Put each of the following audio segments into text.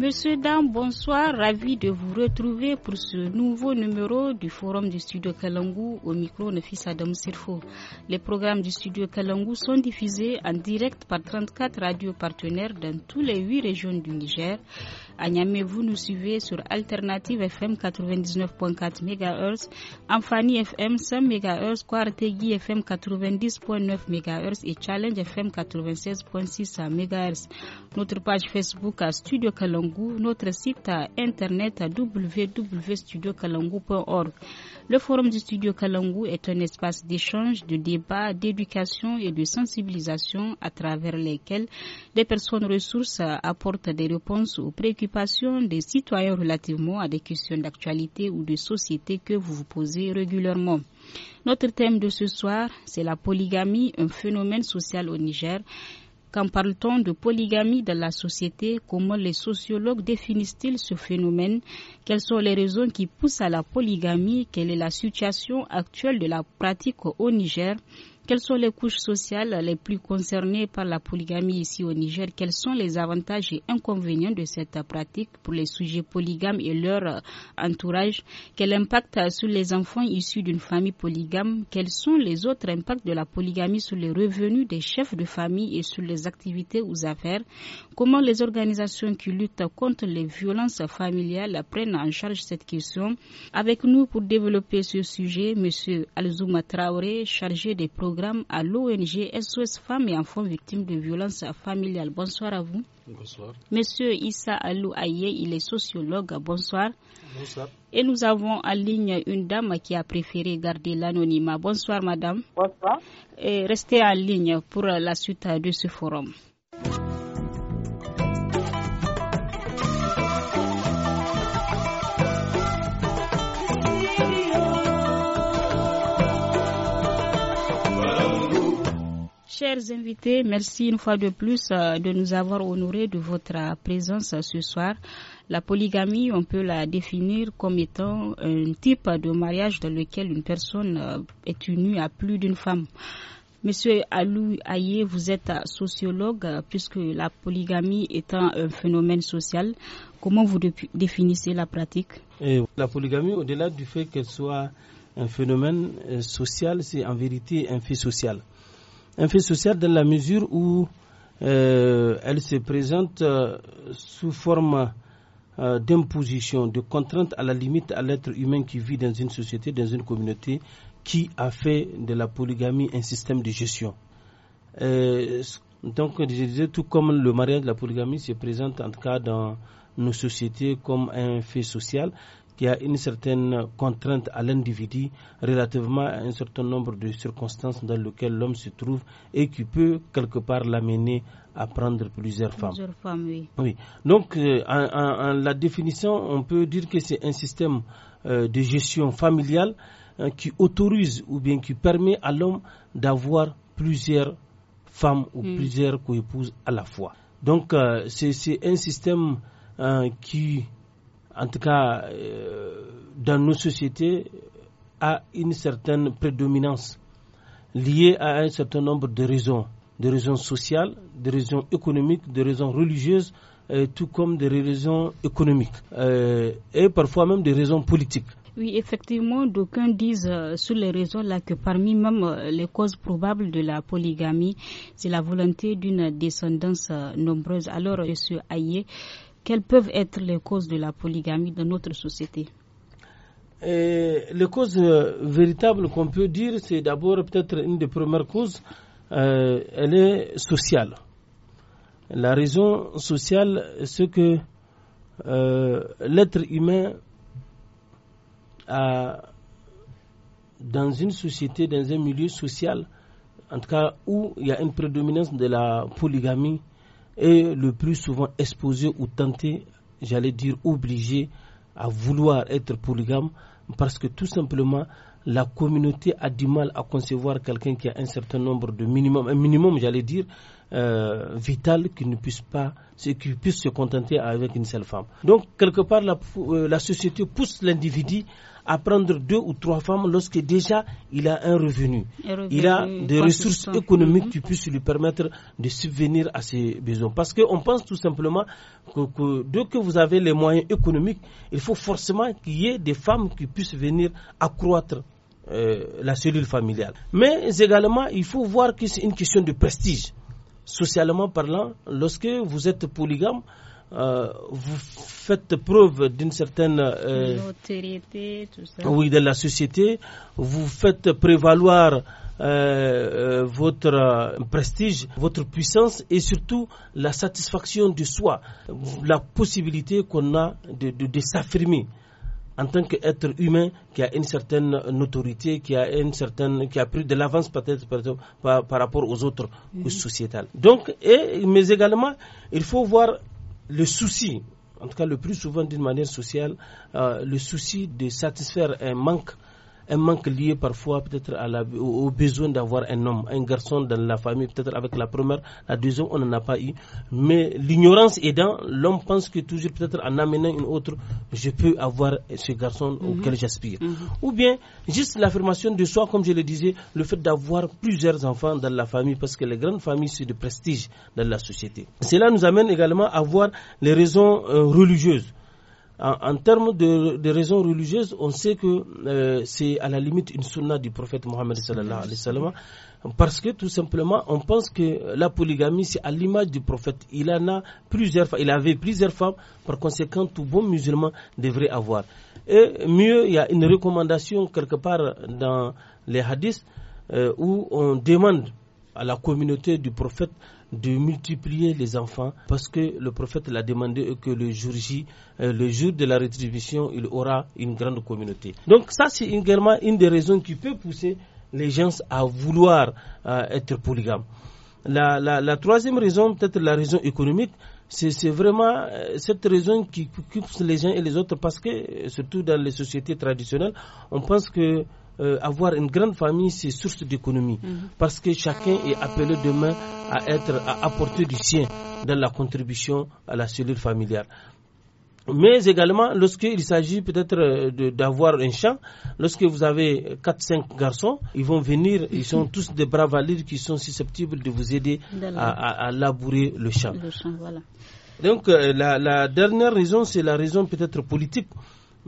Monsieur Dam, bonsoir. Ravi de vous retrouver pour ce nouveau numéro du Forum du Studio Kalangou au micro Nefis Adam Sirfo. Les programmes du Studio Kalangou sont diffusés en direct par 34 radios partenaires dans toutes les 8 régions du Niger. À Niamey, vous nous suivez sur Alternative FM 99.4 MHz, Amfani FM 100 MHz, Quartegui FM 90.9 MHz et Challenge FM 96.6 MHz. Notre page Facebook à Studio Kalangu, notre site internet à www.studiokalangu.org. Le forum du Studio Kalangu est un espace d'échange, de débat, d'éducation et de sensibilisation à travers lesquels des personnes ressources apportent des réponses aux préoccupations des citoyens relativement à des questions d'actualité ou de société que vous vous posez régulièrement. Notre thème de ce soir, c'est la polygamie, un phénomène social au Niger. Quand parle-t-on de polygamie dans la société Comment les sociologues définissent-ils ce phénomène Quelles sont les raisons qui poussent à la polygamie Quelle est la situation actuelle de la pratique au Niger quelles sont les couches sociales les plus concernées par la polygamie ici au Niger Quels sont les avantages et inconvénients de cette pratique pour les sujets polygames et leur euh, entourage Quel impact a-t-il sur les enfants issus d'une famille polygame Quels sont les autres impacts de la polygamie sur les revenus des chefs de famille et sur les activités ou affaires Comment les organisations qui luttent contre les violences familiales prennent en charge cette question Avec nous pour développer ce sujet, M. Alzouma Traoré, chargé des programmes à l'ONG SOS Femmes et Enfants Victimes de Violences Familiales. Bonsoir à vous. Bonsoir. Monsieur Issa Alou Aye, il est sociologue. Bonsoir. Bonsoir. Et nous avons en ligne une dame qui a préféré garder l'anonymat. Bonsoir, madame. Bonsoir. Et restez en ligne pour la suite de ce forum. Chers invités, merci une fois de plus euh, de nous avoir honorés de votre euh, présence ce soir. La polygamie, on peut la définir comme étant un type de mariage dans lequel une personne euh, est unie à plus d'une femme. Monsieur Alou Aye, vous êtes sociologue, puisque la polygamie étant un phénomène social, comment vous définissez la pratique La polygamie, au-delà du fait qu'elle soit un phénomène social, c'est en vérité un fait social un fait social dans la mesure où euh, elle se présente euh, sous forme euh, d'imposition, de contrainte à la limite à l'être humain qui vit dans une société, dans une communauté qui a fait de la polygamie un système de gestion. donc, je disais, tout comme le mariage, de la polygamie se présente en tout cas dans nos sociétés comme un fait social, y a une certaine contrainte à l'individu relativement à un certain nombre de circonstances dans lesquelles l'homme se trouve et qui peut quelque part l'amener à prendre plusieurs, plusieurs femmes. oui. oui. Donc, euh, en, la définition, on peut dire que c'est un système euh, de gestion familiale hein, qui autorise ou bien qui permet à l'homme d'avoir plusieurs femmes ou hmm. plusieurs coépouses à la fois. Donc, euh, c'est un système hein, qui en tout cas, euh, dans nos sociétés, a une certaine prédominance liée à un certain nombre de raisons, des raisons sociales, des raisons économiques, des raisons religieuses, euh, tout comme des raisons économiques euh, et parfois même des raisons politiques. Oui, effectivement, d'aucuns disent sur les raisons là que parmi même les causes probables de la polygamie, c'est la volonté d'une descendance nombreuse. Alors, Monsieur Ayé, quelles peuvent être les causes de la polygamie dans notre société les causes euh, véritables qu'on peut dire, c'est d'abord peut-être une des premières causes, euh, elle est sociale. La raison sociale, c'est que euh, l'être humain dans une société, dans un milieu social, en tout cas où il y a une prédominance de la polygamie, est le plus souvent exposé ou tenté, j'allais dire obligé, à vouloir être polygame parce que tout simplement la communauté a du mal à concevoir quelqu'un qui a un certain nombre de minimums, un minimum j'allais dire euh, vital qu'il ne puisse pas, se contenter avec une seule femme. Donc, quelque part, euh, la, société pousse l'individu à prendre deux ou trois femmes lorsque déjà il a un revenu. il a des ressources économiques qui puissent lui permettre de subvenir à ses besoins. Parce qu'on pense tout simplement que, dès que vous avez les moyens économiques, il faut forcément qu'il y ait des femmes qui puissent venir accroître euh, la cellule familiale. Mais également, il faut voir que c'est une question de prestige socialement parlant, lorsque vous êtes polygame, euh, vous faites preuve d'une certaine euh, de la société vous faites prévaloir euh, euh, votre prestige, votre puissance et surtout la satisfaction de soi, la possibilité qu'on a de s'affirmer en tant qu'être humain qui a une certaine autorité qui a, une certaine, qui a pris de l'avance peut-être par, rapport aux autres sociétales. Donc, et, mais également, il faut voir le souci, en tout cas le plus souvent d'une manière sociale, euh, le souci de satisfaire un manque un manque lié parfois peut-être au besoin d'avoir un homme, un garçon dans la famille, peut-être avec la première, la deuxième, on n'en a pas eu. Mais l'ignorance aidant, l'homme pense que toujours peut-être en amenant une autre, je peux avoir ce garçon mhm. auquel j'aspire. Mhm. Ou bien juste l'affirmation de soi, comme je le disais, le fait d'avoir plusieurs enfants dans la famille, parce que les grandes familles, c'est de prestige dans la société. Cela nous amène également à voir les raisons euh, religieuses. En, termes de, de, raisons religieuses, on sait que euh, c'est à la limite une sunna du prophète Mohammed sallallahu alayhi wa sallam, parce que tout simplement, on pense que la polygamie, c'est à l'image du prophète. Il en a plusieurs, il avait plusieurs femmes, par conséquent, tout bon musulman devrait avoir. Et mieux, il y a une recommandation quelque part dans les hadiths euh, où on demande à la communauté du prophète de multiplier les enfants parce que le prophète l'a demandé que le jour J, euh, le jour de la rétribution, il aura une grande communauté. Donc ça, c'est également une des raisons qui peut pousser les gens à vouloir euh, être polygames. La, la, la troisième raison, peut-être la raison économique, c'est vraiment euh, cette raison qui occupe les uns et les autres parce que, surtout dans les sociétés traditionnelles, on pense que euh, avoir une grande famille, c'est source d'économie. Mhm. Parce que chacun est appelé demain à être, à apporter du sien dans la contribution à la cellule familiale. Mais également, lorsqu'il s'agit peut-être euh, d'avoir un champ, lorsque vous avez 4-5 garçons, ils vont venir, ils sont tous des bras valides qui sont susceptibles de vous aider à, labourer le champ. Donc, euh, la, dernière raison, c'est la raison peut-être politique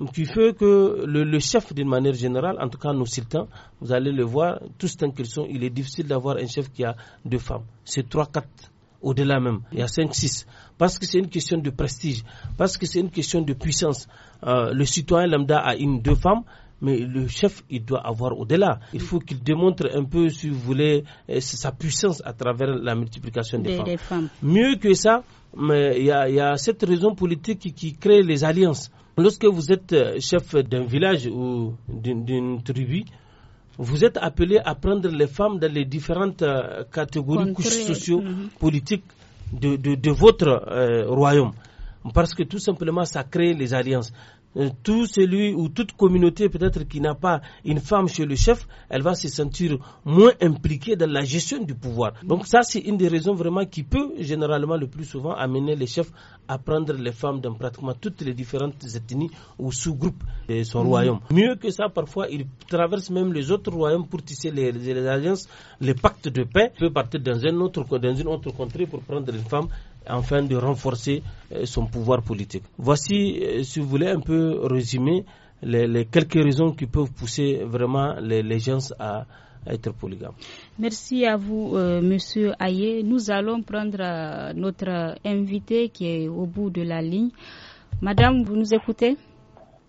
qui fait que le, chef, d'une manière générale, en tout cas nos sultans, vous allez le voir, tous tant qu'ils sont, il est difficile d'avoir un chef qui a deux femmes. C'est trois, quatre au-delà même. Il y a cinq, six. Parce que c'est une question de prestige, parce que c'est une question de puissance. Euh, le citoyen lambda a une, deux femmes, mais le chef, il doit avoir au-delà. Il faut qu'il démontre un peu, si vous voulez, euh, sa puissance à travers la multiplication des, femmes. Mieux que ça, il y, a cette raison politique qui, crée les alliances. Lorsque vous êtes euh, chef d'un village ou d'une tribu, vous êtes appelé à prendre les femmes dans les différentes euh, catégories, couches socio-politiques mhm. de, votre royaume. Parce que tout simplement, ça crée les alliances. Euh, tout celui ou toute communauté peut-être qui n'a pas une femme chez le chef, elle va se sentir moins impliquée dans la gestion du pouvoir. Donc ça, c'est une des raisons vraiment qui peut généralement le plus souvent amener les chefs à prendre les femmes dans pratiquement toutes les différentes ethnies ou sous-groupes de son royaume. Mieux que ça, parfois, ils traversent même les autres royaumes pour tisser les, les alliances, les pactes de paix. peut partir dans, un autre, dans une autre contrée pour prendre une femme afin de renforcer euh, son pouvoir politique. Voici, euh, si vous voulez, un peu résumer les, quelques raisons qui peuvent pousser vraiment les, gens à, être polygames. Merci à vous, euh, Monsieur Ayé. Nous allons prendre notre invité qui est au bout de la ligne. Madame, vous nous écoutez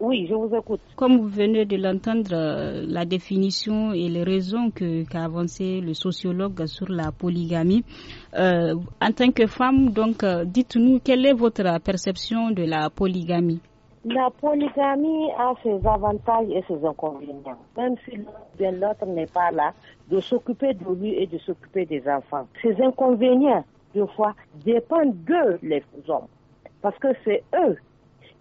oui, je vous écoute. Comme vous venez de l'entendre, euh, la définition et les raisons qu'a avancé le sociologue sur la polygamie. Euh, en tant que femme, donc, euh, dites-nous quelle est votre perception de la polygamie. La polygamie a ses avantages et ses inconvénients. Même si l'autre n'est pas là, de s'occuper de lui et de s'occuper des enfants. Ces inconvénients, des fois, dépendent de les hommes. Parce que c'est eux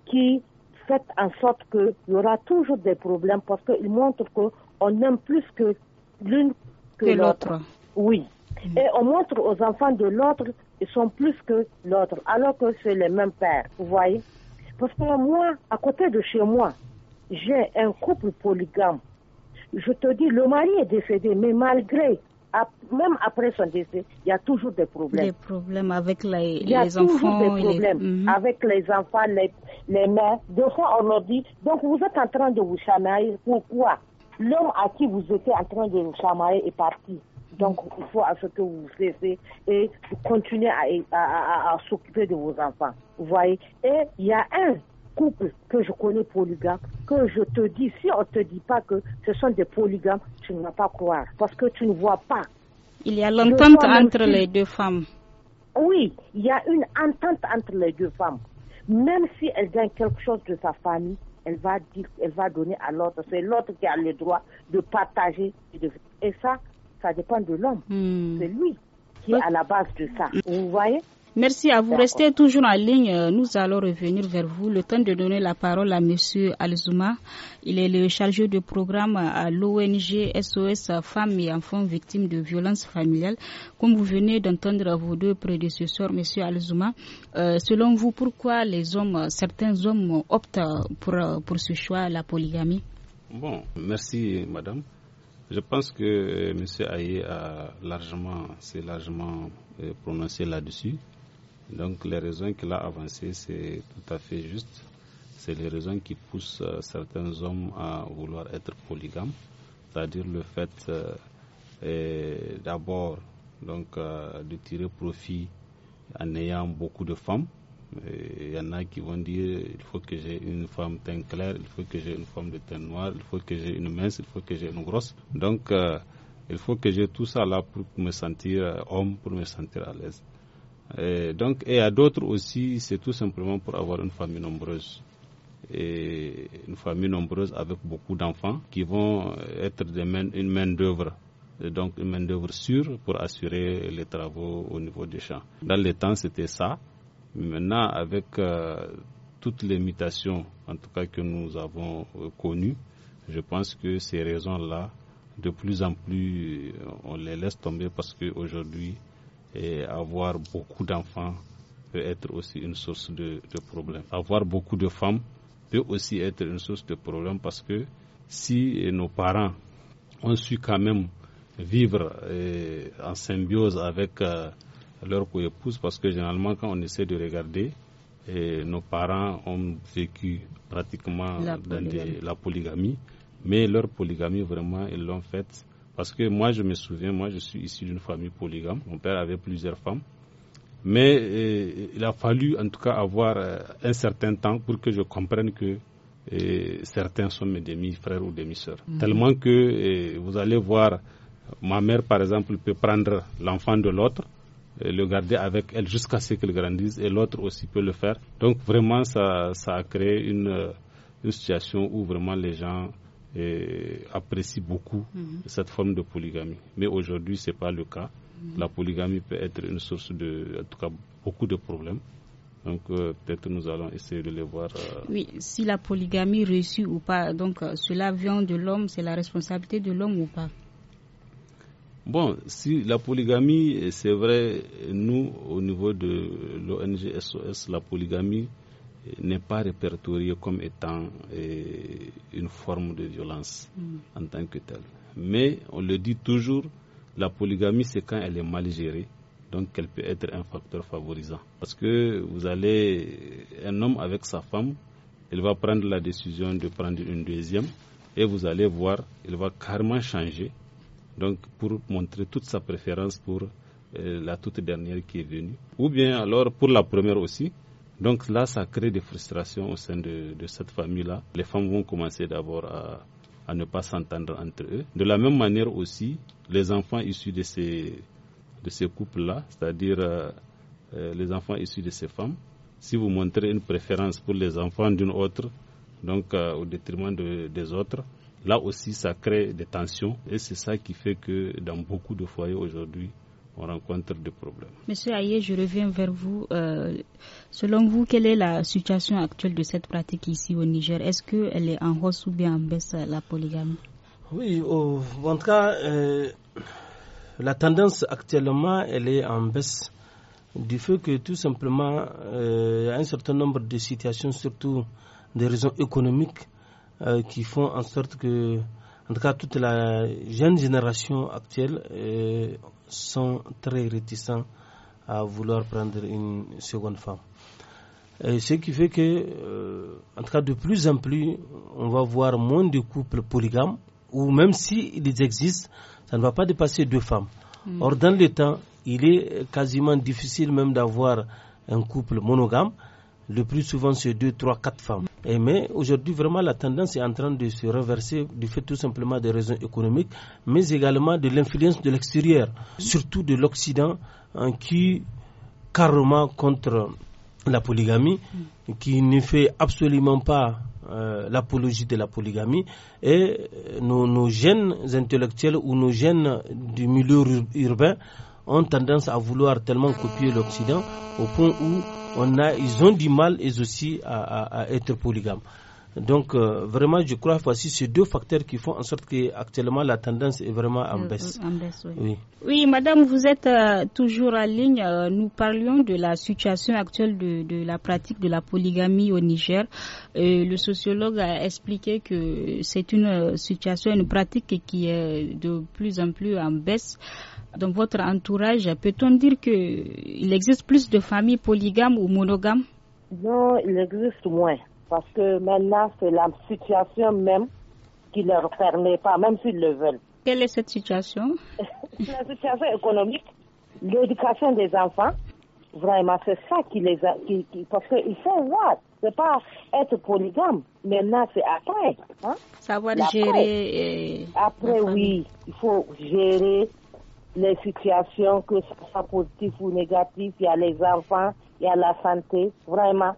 qui faites en sorte qu'il y aura toujours des problèmes parce qu'ils montrent qu'on aime plus que l'une que l'autre. Oui. Mm. Et on montre aux enfants de l'autre, ils sont plus que l'autre, alors que c'est les mêmes pères, vous voyez. Parce que moi, à côté de chez moi, j'ai un couple polygame. Je te dis, le mari est décédé, mais malgré même après son décès, il y a toujours des problèmes. Des problèmes avec les, il y a toujours Des problèmes mhm. avec les enfants, les, mères. Deux fois, on leur dit, donc vous êtes en train de vous chamailler. Pourquoi L'homme à qui vous étiez en train de vous chamailler est parti. Donc, il faut à ce que vous cessez et continuer à, à s'occuper de vos enfants. Vous voyez Et il y a un Couple que je connais polygames, que je te dis, si on ne te dit pas que ce sont des polygames, tu ne vas pas croire, parce que tu ne vois pas. Il y a l'entente entre les deux femmes. Oui, il y a une entente entre les deux femmes. Même si elle gagne quelque chose de sa famille, elle va dire, elle va donner à l'autre. C'est l'autre qui a le droit de partager. Et, ça, ça dépend de l'homme. Hmm. C'est lui qui est à la base de ça. Hmm. Vous voyez Merci à vous. Restez toujours en ligne. Nous allons revenir vers vous. Le temps de donner la parole à M. Alzuma. Il est le chargé de programme à l'ONG SOS Femmes et Enfants Victimes de Violences Familiales. Comme vous venez d'entendre vos deux prédécesseurs, M. Alzuma, euh, selon vous, pourquoi les hommes, certains hommes optent pour, ce choix, la polygamie Bon, merci, madame. Je pense que euh, M. Aïe a largement, s'est largement euh, prononcé là-dessus. Donc les raisons qu'il a avancées, c'est tout à fait juste. C'est les raisons qui poussent euh, certains hommes à vouloir être polygames, c'est-à-dire le fait euh, d'abord euh, de tirer profit en ayant beaucoup de femmes. Il y en a qui vont dire il faut que j'ai une femme de teint clair, il faut que j'ai une femme de teint noir, il faut que j'ai une mince, il faut que j'ai une grosse. Donc il faut que j'ai tout ça là pour me sentir homme, pour me sentir à l'aise. Et donc, et à d'autres aussi, c'est tout simplement pour avoir une famille nombreuse. Et une famille nombreuse avec beaucoup d'enfants qui vont être une main-d'œuvre. Donc, une main-d'œuvre sûre pour assurer les travaux au niveau des champs. Dans les temps, c'était ça. Maintenant, avec euh, toutes les mutations, en tout cas que nous avons euh, connues, je pense que ces raisons-là, de plus en plus, euh, on les laisse tomber parce qu'aujourd'hui, et avoir beaucoup d'enfants peut être aussi une source de, de problème. Avoir beaucoup de femmes peut aussi être une source de problèmes parce que si eh, nos parents ont su quand même vivre eh, en symbiose avec euh, leur co-épouse, parce que généralement quand on essaie de regarder, eh, nos parents ont vécu pratiquement dans la polygamie, mais leur polygamie vraiment ils l'ont faite parce que moi, je me souviens, moi, je suis issu d'une famille polygame. Mon père avait plusieurs femmes. Mais euh, il a fallu, en tout cas, avoir euh, un certain temps pour que je comprenne que euh, certains sont mes demi-frères ou demi-sœurs. Mhm. Tellement que vous allez voir, ma mère, par exemple, peut prendre l'enfant de l'autre, le garder avec elle jusqu'à ce qu'il grandisse, et l'autre aussi peut le faire. Donc, vraiment, ça, ça a créé une situation où vraiment les gens apprécie beaucoup mhm. cette forme de polygamie. Mais aujourd'hui, ce n'est pas le cas. Mhm. La polygamie peut être une source de, en tout cas, beaucoup de problèmes. Donc euh, peut-être nous allons essayer de les voir. Euh, oui, si la polygamie réussit ou pas, donc euh, cela vient de l'homme, c'est la responsabilité de l'homme ou pas Bon, si la polygamie, c'est vrai, nous, au niveau de l'ONG SOS, la polygamie, n'est pas répertorié comme étant euh, une forme de violence mm. en tant que telle. Mais on le dit toujours, la polygamie, c'est quand elle est mal gérée. Donc, elle peut être un facteur favorisant. Parce que vous allez, un homme avec sa femme, il va prendre la décision de prendre une deuxième et vous allez voir, il va carrément changer. Donc, pour montrer toute sa préférence pour euh, la toute dernière qui est venue. Ou bien alors pour la première aussi, donc là, ça crée des frustrations au sein de, cette famille-là. Les femmes vont commencer d'abord à, à ne pas s'entendre entre eux. De la même manière aussi, les enfants issus de ces, de ces couples-là, c'est-à-dire euh, euh, les enfants issus de ces femmes, si vous montrez une préférence pour les enfants d'une autre, donc euh, au détriment des autres, là aussi ça crée des tensions et c'est ça qui fait que dans beaucoup de foyers aujourd'hui, rencontre des problèmes. Monsieur Ayer, je reviens vers vous. Euh, selon vous, quelle est la situation actuelle de cette pratique ici au Niger Est-ce qu'elle est en hausse ou bien en baisse, la polygamie Oui, en tout cas, euh, la tendance actuellement, elle est en baisse du fait que tout simplement, euh, un certain nombre de situations, surtout des raisons économiques, euh, qui font en sorte que en tout cas, toute la jeune génération actuelle sont très réticents à vouloir prendre une seconde femme. ce qui fait que, euh, en tout cas, de plus en plus, on va voir moins de couples polygames, ou même s'ils existent, ça ne va pas dépasser deux femmes. Mm. Or, dans le temps, il est quasiment difficile même d'avoir un couple monogame. Le plus souvent, c'est deux, trois, quatre femmes. Et mais aujourd'hui, vraiment, la tendance est en train de se renverser du fait tout simplement des raisons économiques, mais également de l'influence de l'extérieur, surtout de l'Occident, hein, qui carrément contre la polygamie, qui ne fait absolument pas euh, l'apologie de la polygamie et euh, nos, nos, jeunes intellectuels ou nos jeunes du milieu urbain ont tendance à vouloir tellement copier l'Occident au point où on a, ils ont du mal, et aussi, à, à être polygames. Donc, euh, vraiment, je crois que ces deux facteurs qui font en sorte qu'actuellement la tendance est vraiment en euh, baisse. Euh, oui. madame, vous êtes toujours en ligne. nous parlions de la situation actuelle de, la pratique de la polygamie au Niger. le sociologue a expliqué que c'est une situation, une pratique qui est de plus en plus en baisse dans votre entourage, peut-on dire qu'il existe plus de familles polygames ou monogames Non, il existe moins. Parce que maintenant, c'est la situation même qui ne leur permet pas, même s'ils le veulent. Quelle est cette situation La situation économique, l'éducation des enfants, vraiment, c'est ça qui les a. Qui, parce qu'il faut voir, c'est pas être polygame, maintenant c'est après. Hein? Savoir eh, après. gérer. Après, oui, il faut gérer les situations, que ce soit positif ou négatif, il y a les enfants, il y a la santé, vraiment.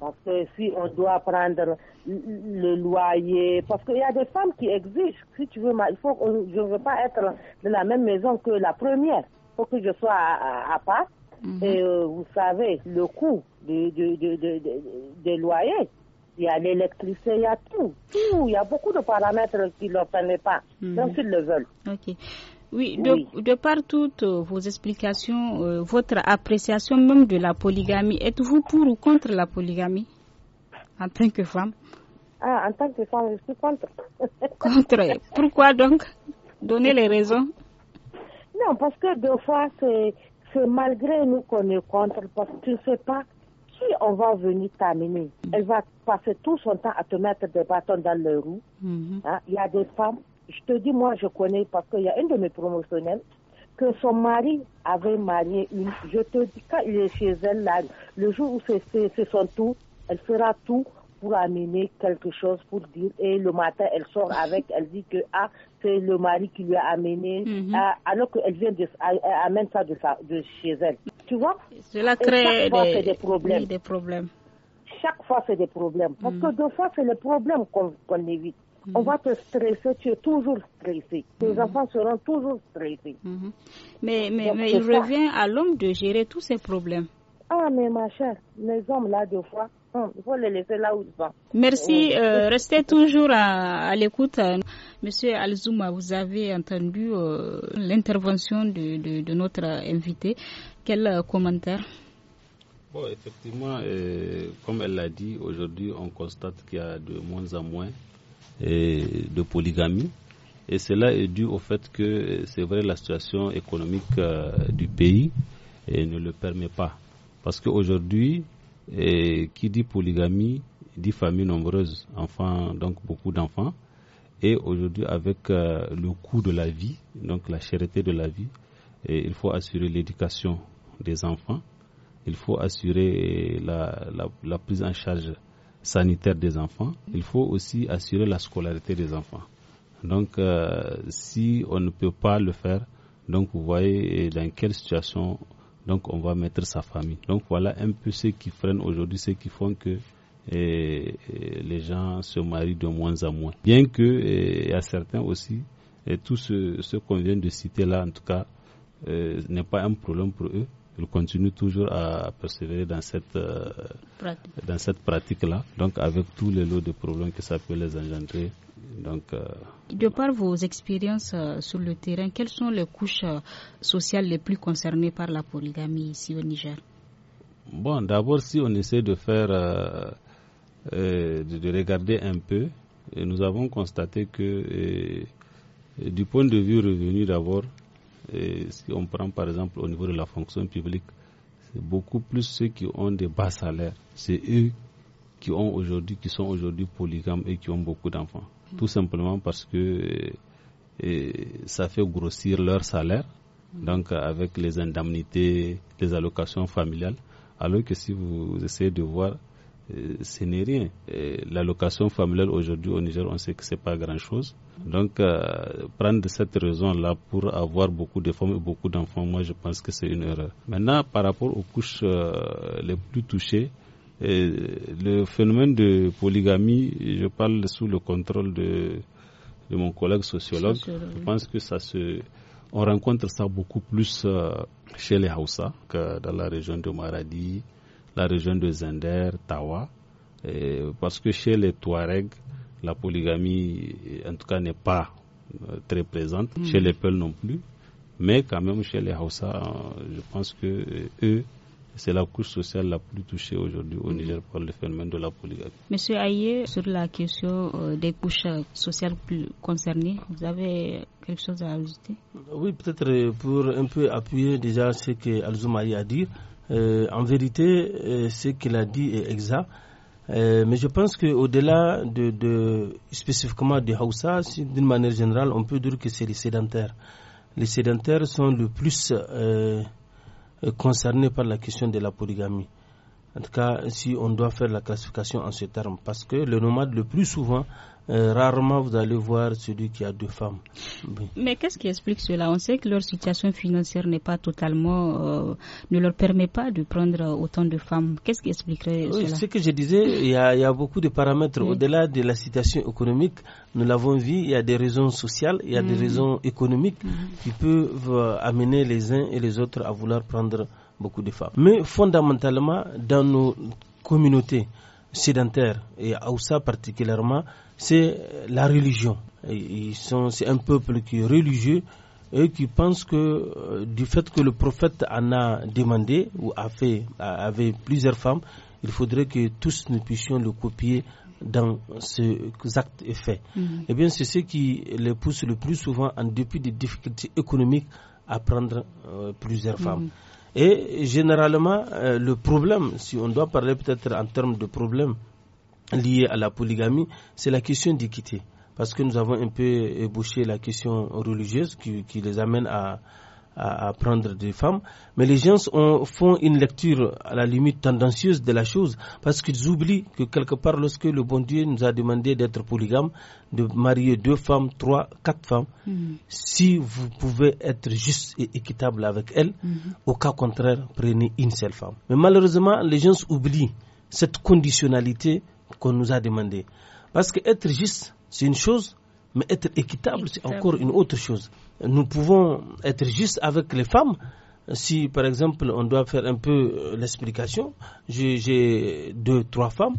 Parce que si on doit prendre le loyer, parce qu'il y a des femmes qui exigent, si tu veux, il faut, je ne veux pas être de la même maison que la première. Il faut que je sois à, pas part. Mhm. Et euh, vous savez, le coût des de, loyers, il y a l'électricité, il y a tout. tout. Il y a beaucoup de paramètres qui ne leur permettent pas, mhm. donc ils le veulent. Oui, de, par toutes euh, vos explications, euh, votre appréciation même de la polygamie, êtes-vous pour ou contre la polygamie en tant que femme Ah, en tant que femme, je suis contre. contre. Pourquoi donc Donnez les raisons. Non, parce que des fois, c'est malgré nous qu'on est contre, parce que tu ne sais pas qui on va venir t'amener. Elle va passer tout son temps à te mettre des bâtons dans le roues. Mhm. Hein, il y a des femmes je te dis, moi, je connais parce qu'il y a un de mes promotionnels que son mari avait marié une. Je te dis, quand il est chez elle, le jour où c'est son tour, elle fera tout pour amener quelque chose pour dire. Et le matin, elle sort avec, elle dit que ah, c'est le mari qui lui a amené, mhm. ah, alors qu'elle vient de, elle amène ça de, chez elle. Tu vois Cela crée des, problèmes. des problèmes. Chaque fois, c'est des problèmes. Parce mhm. que deux fois, c'est les problèmes qu'on évite on va te stresser, tu es toujours stressé. Tes mhm. enfants seront toujours stressés. Mhm. Mais, il revient à l'homme de gérer tous ces problèmes. Ah, mais ma chère, les hommes là, des fois, hum, il faut les laisser là où ils vont. Merci. Euh, restez toujours à, l'écoute. Monsieur Alzouma, vous avez entendu euh, l'intervention de, notre invité. Quel euh, commentaire Bon, effectivement, comme elle l'a dit, aujourd'hui, on constate qu'il y a de moins en moins de polygamie. Et cela est dû au fait que, euh, c'est vrai, la situation économique euh, du pays et ne le permet pas. Parce qu'aujourd'hui, qui dit polygamie dit famille nombreuse, enfants, donc beaucoup d'enfants. Et aujourd'hui, avec euh, le coût de la vie, donc la charité de la vie, il faut assurer l'éducation des enfants, il faut assurer la prise en charge sanitaire des enfants, il faut aussi assurer la scolarité des enfants. Donc, euh, si on ne peut pas le faire, donc vous voyez dans quelle situation donc on va mettre sa famille. Donc voilà un peu ce qui freine aujourd'hui, ce qui font que les gens se marient de moins en moins. Bien que y a certains aussi, et tout ce, qu'on vient de citer là, en tout cas, euh, n'est pas un problème pour eux, ils continuent toujours à persévérer dans cette, euh, pratique. là donc avec tous les lots de problèmes que ça peut les engendrer. Euh, de par vos expériences euh, sur le terrain, quelles sont les couches sociales les plus concernées par la polygamie ici au Niger Bon, d'abord, si on essaie de faire, de, regarder un peu, nous avons constaté que, du point de vue revenu d'abord, si on prend par exemple au niveau de la fonction publique, c'est beaucoup plus ceux qui ont des bas salaires. C'est eux qui ont aujourd'hui, qui sont aujourd'hui polygames et qui ont beaucoup d'enfants. Mm. Tout simplement parce que eh, eh, ça fait grossir leur salaire, mm. donc avec les indemnités, les allocations familiales. Alors que si vous essayez de voir, euh, ce n'est rien. Euh, L'allocation familiale aujourd'hui au Niger, on sait que ce n'est pas grand-chose. Donc, euh, prendre cette raison-là pour avoir beaucoup de femmes et beaucoup d'enfants, moi, je pense que c'est une erreur. Maintenant, par rapport aux couches les plus touchées, le phénomène de polygamie, je parle sous le contrôle de, de mon collègue sociologue. Je pense que ça se, on rencontre ça beaucoup plus chez les Hausa que dans la région de Maradi, la région de Zender, Tawa, parce que chez les Touaregs, la polygamie, euh, en tout cas, n'est pas euh, très présente, hmm. chez les Peuls non plus, mais quand même chez les Hausa, euh, je pense que eux, c'est la couche sociale la plus touchée aujourd'hui au hmm. Niger par le phénomène de la polygamie. Monsieur Aïe, sur la question des couches sociales plus concernées, vous avez quelque chose à ajouter Oui, peut-être pour un peu appuyer déjà ce que a dit. Euh, en vérité, euh, ce qu'il a dit est exact. Euh, mais je pense qu'au-delà de, de, spécifiquement du Hausa, d'une manière générale, on peut dire que c'est les sédentaires. Les sédentaires sont le plus concernés par la question de la polygamie. En tout cas, si on doit faire la classification en ce terme, parce que le nomade, le plus souvent, euh, rarement vous allez voir celui qui a deux femmes. Mais qu'est-ce qui explique cela On sait que leur situation financière n'est pas totalement, euh, ne leur permet pas de prendre autant de femmes. Qu'est-ce qui expliquerait cela Ce que je disais, il y a, beaucoup de paramètres au-delà de la situation économique. Nous l'avons vu, il y a des raisons sociales, il y a des mm. raisons économiques mm. qui peuvent euh, amener les uns et les autres à vouloir prendre beaucoup de femmes. Mais fondamentalement, dans nos communautés sédentaires et à Oussa particulièrement, c'est la religion. Ils sont, c'est un peuple qui est religieux et qui pense que euh, du fait que le prophète en a demandé ou a fait, avait plusieurs femmes, il faudrait que tous nous puissions le copier dans ce actes et faits. Eh bien, c'est ce qui les pousse le plus souvent, en dépit des difficultés économiques, à prendre euh, plusieurs femmes. Mm-hmm. Et généralement, euh, le problème, si on doit parler peut-être en termes de problème, liée à la polygamie, c'est la question d'équité. Parce que nous avons un peu ébauché la question religieuse qui, les amène à, prendre des femmes. Mais les gens font une lecture à la limite tendancieuse de la chose parce qu'ils oublient que quelque part, lorsque le bon Dieu nous a demandé d'être polygame, de marier deux femmes, trois, quatre femmes, mm-hmm. si vous pouvez être juste et équitable avec elles, mm-hmm. au cas contraire, prenez une seule femme. Mais malheureusement, les gens oublient cette conditionnalité qu'on nous a demandé. Parce que être juste, c'est une chose, mais être équitable, c'est encore une autre chose. Nous pouvons être juste avec les femmes. Si, par exemple, on doit faire un peu euh, l'explication, j'ai deux, trois femmes.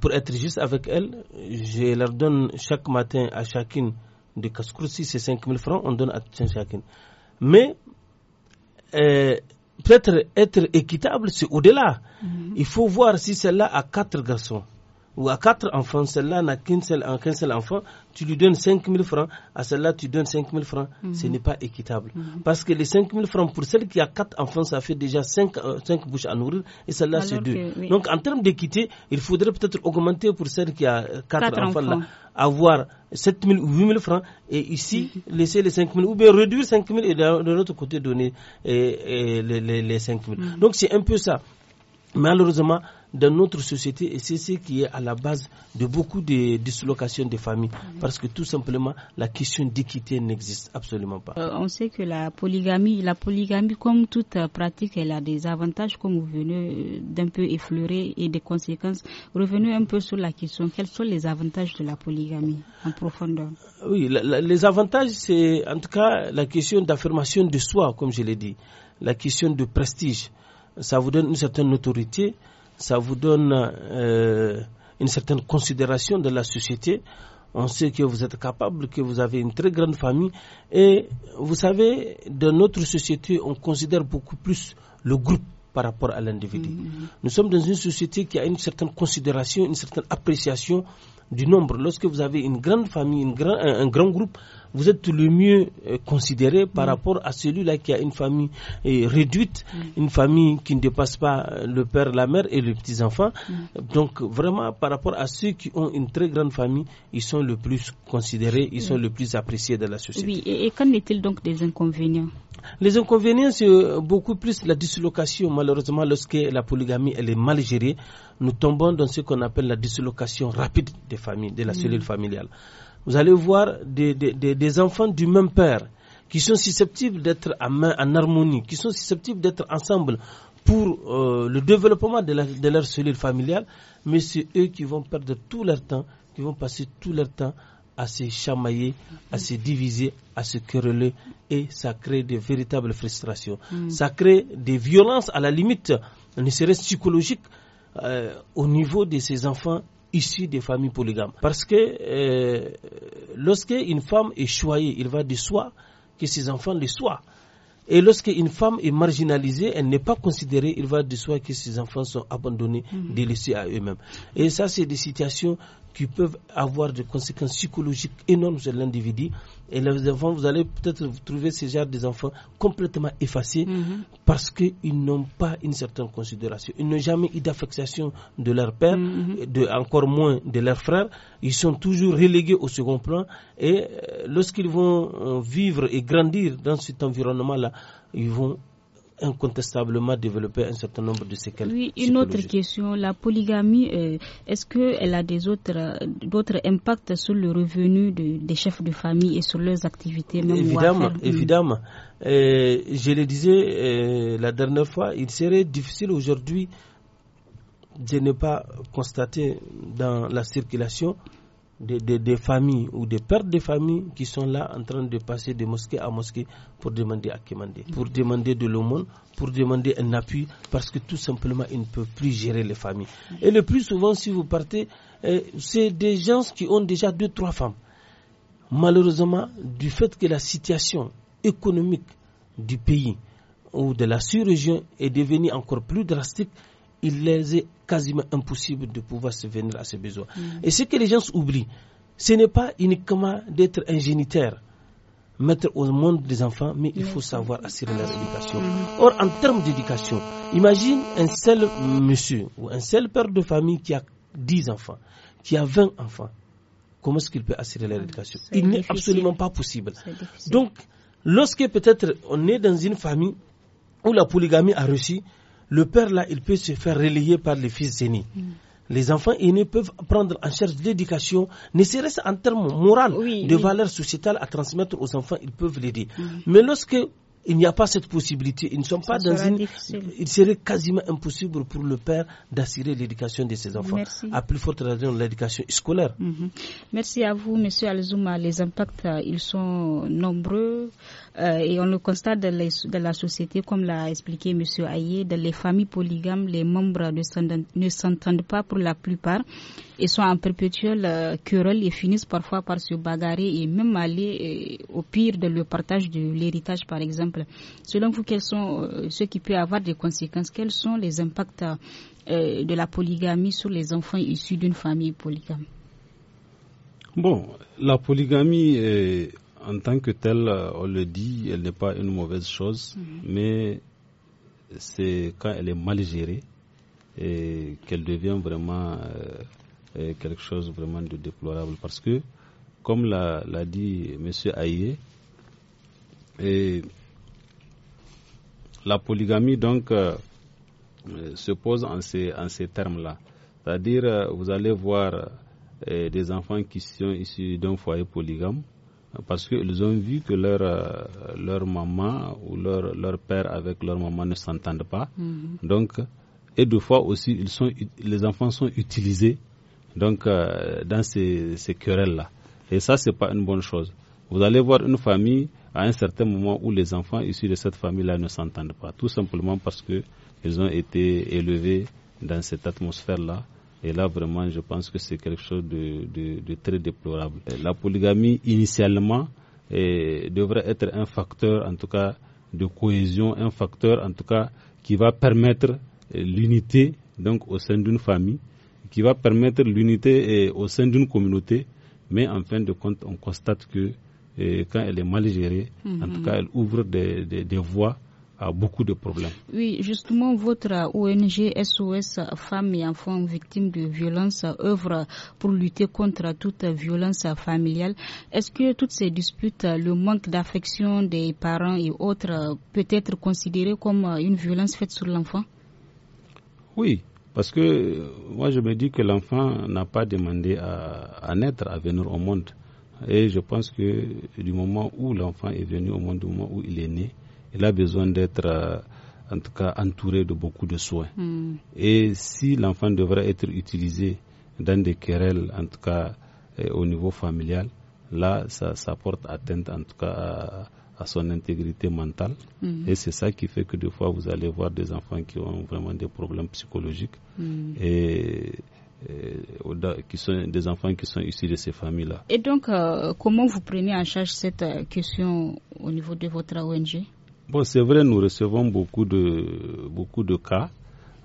Pour être juste avec elles, je leur donne chaque matin à chacune de casse Si c'est 5 francs, on donne à chacune. Mais, euh, peut-être être équitable, c'est au-delà. Mm-hmm. Il faut voir si celle-là a quatre garçons ou à quatre enfants, celle-là n'a qu'un seul, seul, enfant, tu lui donnes 5 000 francs, à celle-là tu donnes 5 000 francs, mhm. ce n'est pas équitable. Mhm. Parce que les 5 000 francs, pour celle qui a quatre enfants, ça fait déjà 5, euh, bouches à nourrir, et celle-là c'est deux. Donc en termes d'équité, il faudrait peut-être augmenter pour celle qui a euh, quatre, enfants, là, avoir 7 000 ou 8 000 francs, et ici mhm. laisser les 5 000, ou bien réduire 5 000 et de l'autre côté donner les, les, 5 000. Donc c'est un peu ça. Malheureusement, dans notre société, et c'est ce qui est à la base de beaucoup de dislocations des familles, parce que tout simplement, la question d'équité n'existe absolument pas. Euh, on sait que la polygamie, la polygamie, comme toute pratique, elle a des avantages, comme vous venez euh, d'un peu effleurer, et des conséquences. Revenez un peu sur la question, quels sont les avantages de la polygamie en profondeur Oui, les avantages, c'est en tout cas la question d'affirmation de soi, comme je l'ai dit, la question de prestige ça vous donne une certaine autorité, ça vous donne euh, une certaine considération de la société. On sait que vous êtes capable, que vous avez une très grande famille. Et vous savez, dans notre société, on considère beaucoup plus le groupe par rapport à l'individu. Mm-hmm. Nous sommes dans une société qui a une certaine considération, une certaine appréciation du nombre. Lorsque vous avez une grande famille, un, grand groupe, vous êtes le mieux euh, considéré par rapport à celui-là qui a une famille euh, réduite, mm. une famille qui ne dépasse pas euh, le père, la mère et les petits-enfants. Mm. Donc vraiment, par rapport à ceux qui ont une très grande famille, ils sont le plus considérés, ils sont le plus appréciés de la société. Oui, et, qu'en est-il donc des inconvénients les inconvénients, c'est beaucoup plus la dislocation. Malheureusement, lorsque la polygamie elle est mal gérée, nous tombons dans ce qu'on appelle la dislocation rapide des familles, de la mm. cellule familiale vous allez voir des, des, enfants du même père qui sont susceptibles d'être en, harmonie, qui sont susceptibles d'être ensemble pour euh, le développement de, leur cellule familiale, mais c'est eux qui vont perdre tout leur temps, qui vont passer tout leur temps à se chamailler, à se diviser, à se quereller, et ça crée de véritables frustrations. Mm. Ça crée des violences à la limite, ne serait-ce psychologique, euh, au niveau de ces enfants issus des familles polygames. Parce que euh, lorsque une femme est choyée, il va de soi que ses enfants le soient. Et lorsque une femme est marginalisée, elle n'est pas considérée, il va de soi que ses enfants sont abandonnés, mhm. délaissés à eux-mêmes. Et ça, c'est des situations qui peuvent avoir des conséquences psychologiques énormes sur l'individu et les enfants, vous allez peut-être trouver ces genre des enfants complètement effacés mhm. parce qu'ils n'ont pas une certaine considération. Ils n'ont jamais eu d'affectation de leur père, mhm, mhm. de, encore moins de leurs frères. Ils sont toujours relégués au second plan. Et euh, lorsqu'ils vont euh, vivre et grandir dans cet environnement-là, ils vont incontestablement développer un certain nombre de séquelles. Oui, une autre question, la polygamie, euh, est-ce qu'elle a des autres, euh, d'autres impacts sur le revenu des chefs de famille et sur leurs activités même Évidemment, mm. évidemment. Euh, je le disais la dernière fois, il serait difficile aujourd'hui de ne pas constater dans la circulation des, familles ou des pères de familles qui sont là en train de passer de mosquée à mosquée pour demander à Kémandé, pour demander de l'aumône, pour demander un appui, parce que tout simplement, ils ne peuvent plus gérer les familles. Et le plus souvent, si vous partez, euh, c'est des gens qui ont déjà deux, trois femmes. Malheureusement, du fait que la situation économique du pays ou de la sous-région est devenue encore plus drastique, il les est quasiment impossible de pouvoir se venir à ses besoins. Mm. Et ce que les gens oublient, ce n'est pas uniquement d'être un mettre au monde des enfants, mais il faut savoir assurer leur éducation. Mm. Or, en termes d'éducation, imagine un seul monsieur ou un seul père de famille qui a 10 enfants, qui a 20 enfants. Comment est-ce qu'il peut assurer leur ah, éducation Il n'est absolument pas possible. Donc, lorsque peut-être on est dans une famille où la polygamie a réussi, le père là, il peut se faire relayer par les fils aînés. Mm. Les enfants aînés peuvent prendre en charge l'éducation, ne serait-ce en termes moraux, de valeurs sociétales à transmettre aux enfants, ils peuvent l'aider. Mm. Mais lorsque il n'y a pas cette possibilité. Ils ne sont pas dans une. Il serait quasiment impossible pour le père d'assurer l'éducation de ses enfants. À plus forte raison, l'éducation scolaire. Mm-hmm. Merci à vous, Monsieur Alzouma. Les impacts, euh, ils sont nombreux. Euh, et on le constate dans, la société, comme l'a expliqué M. Hayé, dans les familles polygames, les membres ne s'entendent pas pour la plupart et sont en perpétuelle euh, querelle et finissent parfois par se bagarrer et même aller euh, au pire de le partage de l'héritage, par exemple. Selon vous, quels sont ceux qui peuvent avoir des conséquences Quels sont les impacts de la polygamie sur les enfants issus d'une famille polygame Bon, la polygamie, est, en tant que telle, on le dit, elle n'est pas une mauvaise chose, mhm. mais c'est quand elle est mal gérée et qu'elle devient vraiment euh, euh, quelque chose vraiment de déplorable. Parce que, comme l'a dit M. Aïe, la polygamie, euh, se pose en ces, termes-là. C'est-à-dire, vous allez voir des enfants qui sont issus d'un foyer polygame, parce qu'ils ont vu que leur, euh, leur maman ou leur, leur père avec leur maman ne s'entendent pas. Mm-hmm. Donc, et deux fois aussi, ils sont, les enfants sont utilisés donc, euh, dans ces, ces querelles-là. Et ça, ce n'est pas une bonne chose. Vous allez voir une famille à un certain moment où les enfants issus de cette famille-là ne s'entendent pas, tout simplement parce qu'ils ont été élevés dans cette atmosphère-là et là, vraiment, je pense que c'est quelque chose de, très déplorable. La polygamie, initialement, eh, devrait être un facteur, en tout cas, de cohésion, un facteur, en tout cas, qui va permettre eh, l'unité donc au sein d'une famille, qui va permettre l'unité eh, au sein d'une communauté. Mais en fin de compte, on constate que quand elle est mal gérée, en tout mhm. cas, elle ouvre des voies beaucoup de problèmes. Oui, justement, votre ONG SOS Femmes et Enfants Victimes de Violence œuvre pour lutter contre toute violence familiale. Est-ce que toutes ces disputes, le manque d'affection des parents et autres, peut être considéré comme une violence faite sur l'enfant Oui, parce que euh, moi je me dis que l'enfant n'a pas demandé à, à, naître, à venir au monde. Et je pense que du moment où l'enfant est venu au monde, du moment où il est né, il a besoin d'être euh, en tout cas entouré de beaucoup de soins. Hmm. Et si l'enfant devrait être utilisé dans des querelles, en tout cas euh, au niveau familial, là, ça, porte atteinte en tout cas à, son intégrité mentale. Hmm. Et c'est ça qui fait que des fois, vous allez voir des enfants qui ont vraiment des problèmes psychologiques hmm. et, euh, qui sont des enfants qui sont issus de ces familles-là. Et donc, comment vous prenez en charge cette question au niveau de votre ONG Bon, c'est vrai, nous recevons beaucoup de, beaucoup de cas.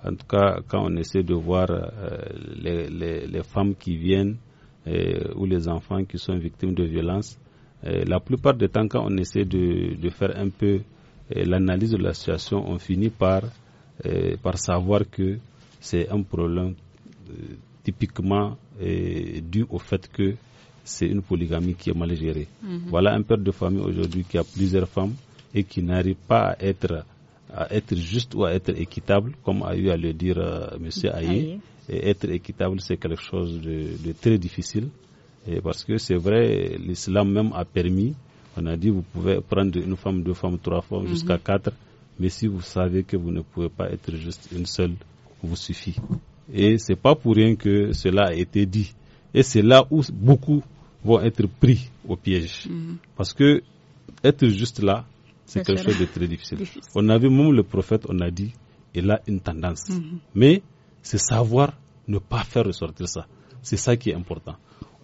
En tout cas, quand on essaie de voir euh, les, les, femmes qui viennent euh, ou les enfants qui sont victimes de violences, euh, la plupart des temps, quand on essaie de, de faire un peu l'analyse de la situation, on finit par, par savoir que c'est un problème typiquement dû au fait que c'est une polygamie qui est mal gérée. Mhm. Voilà un père de famille aujourd'hui qui a plusieurs femmes et qui n'arrive pas à être, à être juste ou à être équitable, comme a eu à le dire euh, M. Et être équitable, c'est quelque chose de, très difficile. Et parce que c'est vrai, l'islam même a permis, on a dit, vous pouvez prendre une femme, deux femmes, trois femmes, mhm. jusqu'à quatre. Mais si vous savez que vous ne pouvez pas être juste une seule, vous suffit. Et c'est pas pour rien que cela a été dit. Et c'est là où beaucoup vont être pris au piège. Mhm. Parce que être juste là, c'est quelque chose de très difficile. On a vu même le prophète, on a dit, il a une tendance. Mhm. Mais c'est savoir ne pas faire ressortir ça. C'est ça qui est important.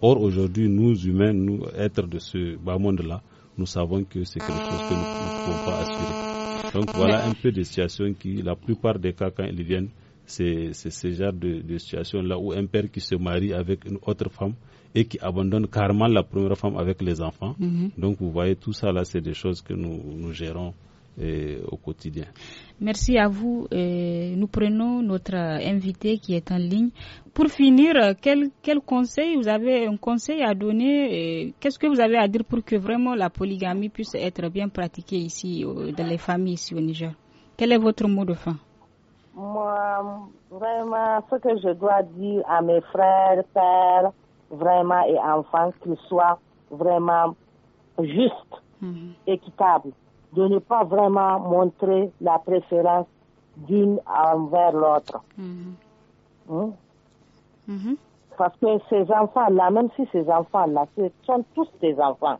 Or, aujourd'hui, nous humains, nous êtres de ce bas monde-là, nous savons que c'est quelque chose que nous ne pouvons pas assurer. Donc voilà un peu des situations qui, la plupart des cas, quand ils viennent, c'est ce genre de, de situation-là où un père qui se marie avec une autre femme, et qui abandonne carrément la première femme avec les enfants. Mhm. Donc vous voyez, tout ça, là, c'est des choses que nous, nous gérons eh, au quotidien. Merci à vous. Eh, nous prenons notre invité qui est en ligne. Pour finir, quel, quel conseil, vous avez un conseil à donner eh, Qu'est-ce que vous avez à dire pour que vraiment la polygamie puisse être bien pratiquée ici, dans les familles ici au Niger Quel est votre mot de fin Moi, vraiment, ce que je dois dire à mes frères, pères, vraiment et enfants qu'il soit vraiment juste, mhm. équitable, de ne pas vraiment montrer la préférence d'une envers l'autre. Mhm. Hein? Mhm. Parce que ces enfants-là, même si ces enfants-là, ce sont tous des enfants.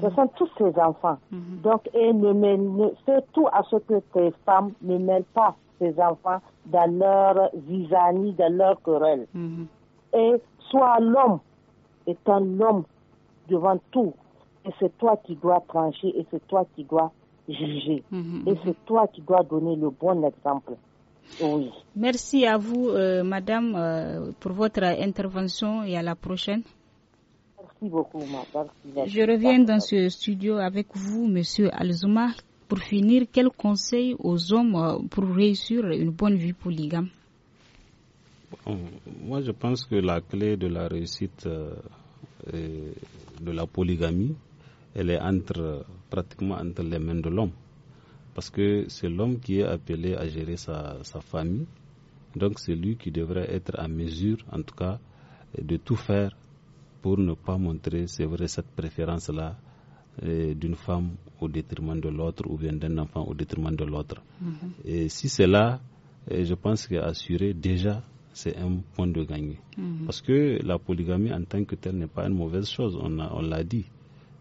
Ce sont tous ces enfants. Donc, et ne, ne, tout à ce que tes femmes ne mêlent pas ces enfants dans leur vis dans leur querelle. Et toi l'homme, étant l'homme devant tout. Et c'est toi qui dois trancher et c'est toi qui dois juger. Mhm, mhm. Et c'est toi qui dois donner le bon exemple. Merci à vous, euh, Madame, euh, pour votre intervention et à la prochaine. Merci beaucoup, Madame. Je reviens dans ce studio avec vous, Monsieur Alzuma. Pour finir, quel conseil aux hommes euh, pour réussir une bonne vie polygame moi, je pense que la clé de la réussite euh, de la polygamie, elle est entre, pratiquement entre les mains de l'homme. Parce que c'est l'homme qui est appelé à gérer sa, famille. Donc, c'est lui qui devrait être à mesure, en tout cas, de tout faire pour ne pas montrer, c'est vrai, cette préférence-là euh, d'une femme au détriment de l'autre ou bien d'un enfant au détriment de l'autre. Mm-hmm. Et si c'est là, euh, je pense qu'assurer déjà c'est un point de gagné. Mhm. Parce que la polygamie en tant que telle n'est pas une mauvaise chose, on, on l'a dit.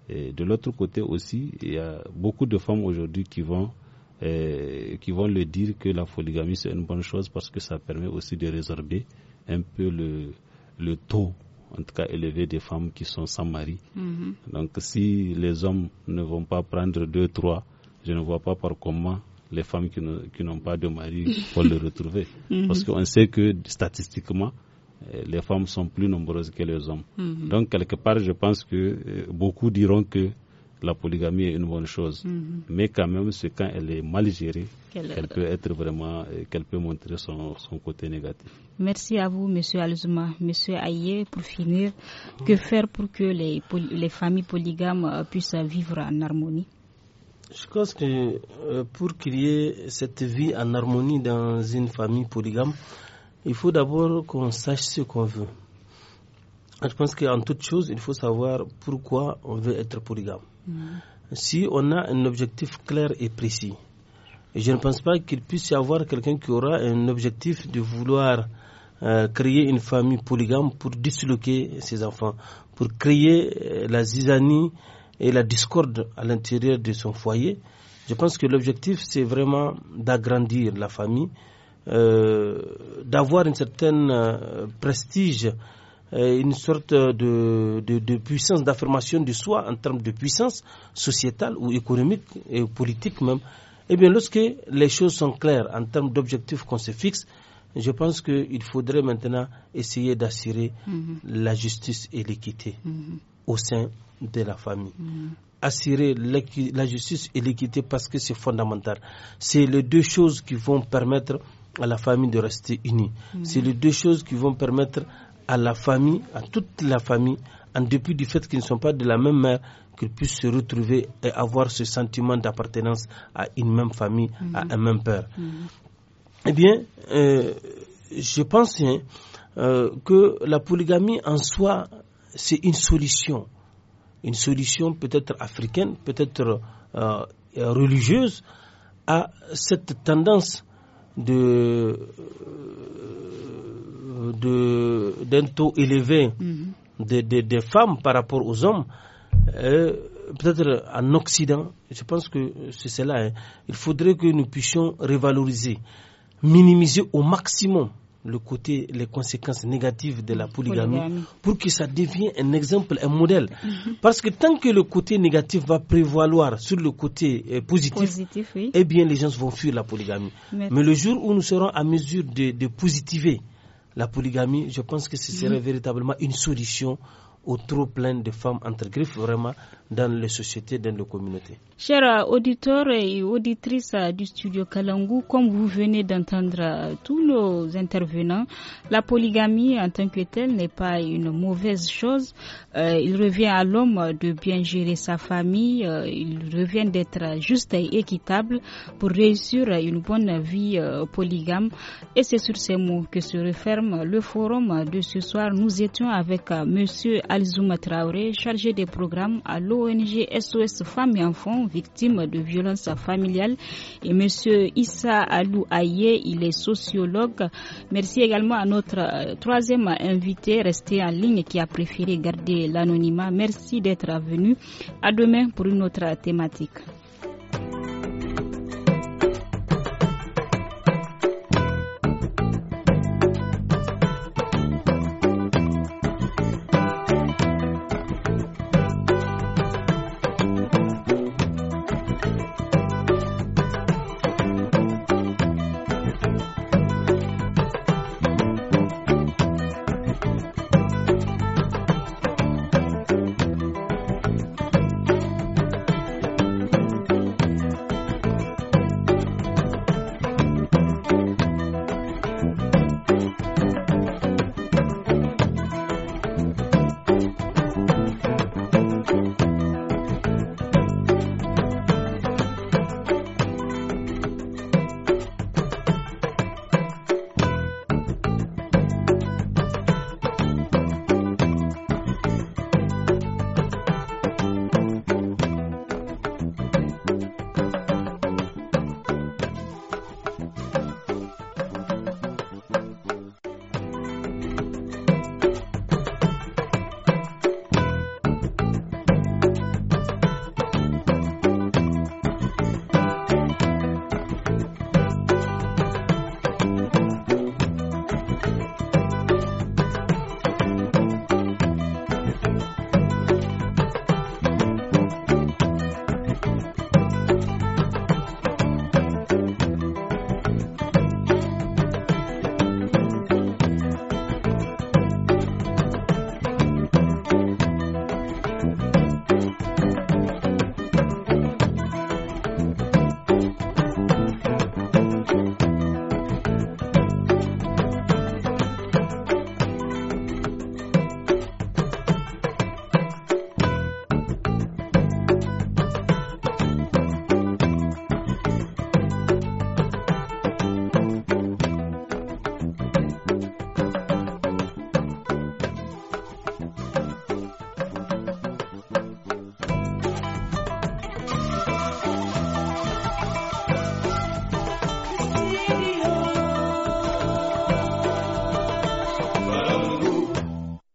Et de l'autre côté aussi, il y a beaucoup de femmes aujourd'hui qui vont euh, qui vont le dire que la polygamie c'est une bonne chose parce que ça permet aussi de résorber un peu le, le taux en tout cas élevé des femmes qui sont sans mari. Mhm. Donc si les hommes ne vont pas prendre deux, trois, je ne vois pas par comment les femmes qui n'ont pas de mari pour le retrouver. Mhm. Parce qu'on sait que statistiquement, euh, les femmes sont plus nombreuses que les hommes. Mhm. Donc, quelque part, je pense que euh, beaucoup diront que la polygamie est une bonne chose. Mhm. Mais quand même, c'est quand elle est mal gérée qu'elle peut être vraiment, euh, qu'elle peut montrer son, côté négatif. Merci à vous, Monsieur Alzuma. Monsieur Aye, pour finir, que ah. faire pour que les familles polygames puissent vivre en harmonie je pense que euh, pour créer cette vie en harmonie dans une famille polygame, il faut d'abord qu'on sache ce qu'on veut. Je pense qu'en toute chose, il faut savoir pourquoi on veut être polygame. Mm. Si on a un objectif clair et précis, je ne pense pas qu'il puisse y avoir quelqu'un qui aura un objectif de vouloir euh, créer une famille polygame pour disloquer ses enfants, pour créer euh, la zizanie et la discorde à l'intérieur de son foyer. Je pense que l'objectif, c'est vraiment d'agrandir la famille, euh, d'avoir une certaine euh, prestige, une sorte de, de, puissance, d'affirmation du soi en termes de puissance sociétale ou économique et politique même. Eh bien, lorsque les choses sont claires en termes d'objectifs qu'on se fixe, je pense qu'il faudrait maintenant essayer d'assurer mm-hmm. la justice et l'équité. Mm-hmm au sein de la famille. Assurer la justice et l'équité parce que c'est fondamental. C'est les deux choses qui vont permettre à la famille de rester unie. Mm. C'est les deux choses qui vont permettre à la famille, à toute la famille, en dépit du fait qu'ils ne sont pas de la même mère, qu'ils puissent se retrouver et avoir ce sentiment d'appartenance à une même famille, à mm. un même père. Mm. Eh bien, euh, je pense hein, euh, que la polygamie en soi, c'est une solution. Une solution peut-être africaine, peut-être euh, religieuse à cette tendance de euh, d'un taux élevé mm-hmm. des femmes par rapport aux hommes, euh, peut-être en Occident, je pense que c'est cela. Hein. Il faudrait que nous puissions revaloriser, minimiser au maximum le côté, les conséquences négatives de la polygamie, pour que ça devienne un exemple, un modèle. Mhm. Parce que tant que le côté négatif va prévaloir sur le côté euh, positif, eh bien les gens vont fuir la polygamie. Mais, le jour où nous serons à mesure de, positiver la polygamie, je pense que ce serait mhm. véritablement une solution au trop plein de femmes entre griffes, vraiment dans les sociétés, dans les communautés. Chers auditeurs et auditrices du studio Kalangu, comme vous venez d'entendre tous nos intervenants, la polygamie en tant que telle n'est pas une mauvaise chose. Euh, il revient à l'homme de bien gérer sa famille, euh, il revient d'être juste et équitable pour réussir une bonne vie euh, polygame. Et c'est sur ces mots que se referme le forum de ce soir. Nous étions avec Monsieur Alzouma Traoré, chargé des programmes à l'eau ONG SOS Femmes et Enfants victimes de violences familiales. Et M. Issa Alou Aye, il est sociologue. Merci également à notre euh, troisième invité resté en ligne qui a préféré garder l'anonymat. Merci d'être venu. À demain pour une autre thématique.